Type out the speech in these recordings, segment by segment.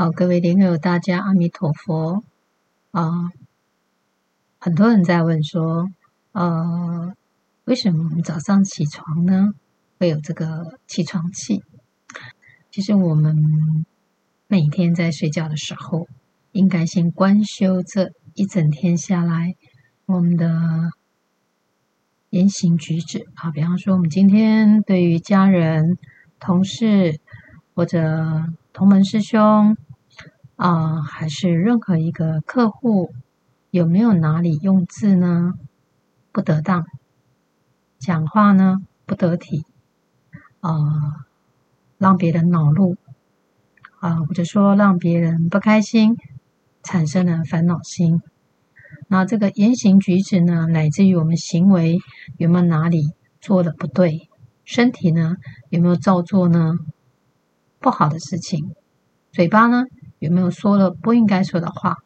好，各位蓮友大家，阿彌陀佛！啊、呃，很多人在問說，呃，為什麼我們早上起床呢？會有這個起床氣。其實我們每天在睡覺的時候，應該先觀修這一整天下來我們的言行舉止啊。比方說，我們今天對於家人、同事或者同門師兄。啊、呃，還是任何一個客戶有沒有哪裡用字呢？不得當，講話呢，不得體，啊、呃，讓別人惱怒啊，或、呃、者說讓別人不開心，產生了煩惱心。那這個言行舉止呢，乃至於我們行為有沒有哪裡做得不對？身體呢，有沒有造作呢？不好的事情，嘴巴呢？有沒有說了不應該說的話？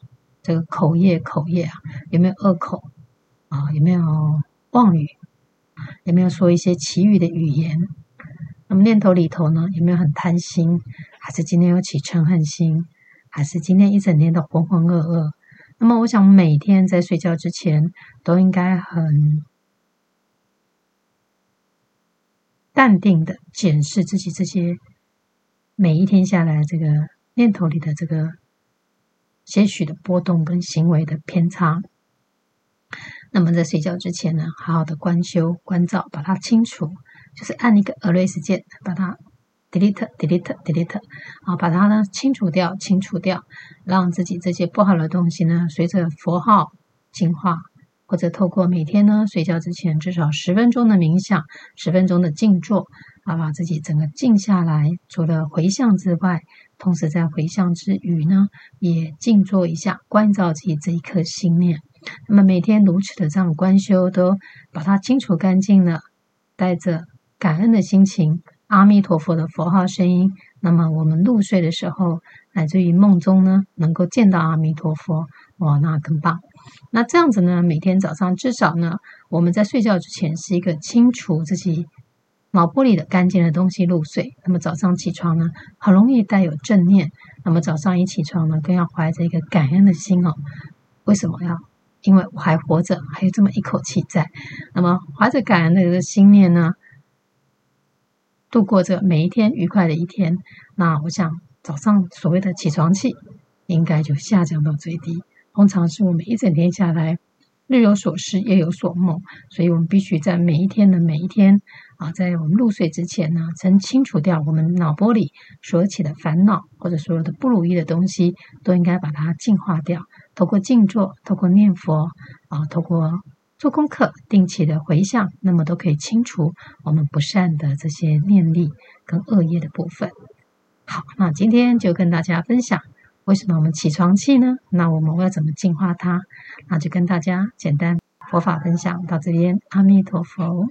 這個口業、口業啊，有沒有惡口啊？有沒有妄語？有沒有說一些綺語的語言？那麼念頭裡頭呢，有沒有很貪心？還是今天有起嗔恨心？還是今天一整天都渾渾噩噩？那麼我想，每天在睡覺之前都應該很淡定的檢視自己這些每一天下來的這個。念頭裡的這個些許的波動跟行為的偏差，那麼在睡覺之前呢，好好的觀修觀照，把它清除，就是按一個 erase 鍵，把它 delete delete delete，啊，把它呢清除掉，清除掉，讓自己這些不好的東西呢，隨着佛號淨化，或者透過每天呢睡覺之前至少十分鐘的冥想，十分鐘的靜坐。啊，把自己整個靜下來，除了回向之外，同時在回向之餘呢，也靜坐一下，觀照自己這一顆心念。那麼每天如此的這樣觀修，都把它清除乾淨了，帶着感恩的心情，阿彌陀佛的佛號聲音。那麼我們入睡的時候，乃至於夢中呢，能夠見到阿彌陀佛，哇，那更棒。那這樣子呢，每天早上至少呢，我們在睡覺之前是一個清除自己腦波裡的乾淨的東西入睡，那麼早上起床呢，很容易帶有正念。那麼早上一起床呢，更要懷着一個感恩的心哦。為什麼要？因為我還活着，還有這麼一口氣在。那麼懷着感恩的心念呢，度過這每一天愉快的一天。那我想，早上所謂的起床氣，應該就下降到最低。通常是我們一整天下來。日有所思，夜有所夢，所以我們必須在每一天的每一天啊，在我們入睡之前呢，曾清除掉我們腦波裡所起的煩惱或者所有的不如意的東西，都應該把它淨化掉。透過靜坐，透過念佛啊，透過做功課，定期的回向，那麼都可以清除我們不善的這些念力跟惡業的部分。好，那今天就跟大家分享。為什麼我們起床氣呢？那我們要怎麼淨化它？那就跟大家簡單佛法分享到這邊，阿彌陀佛。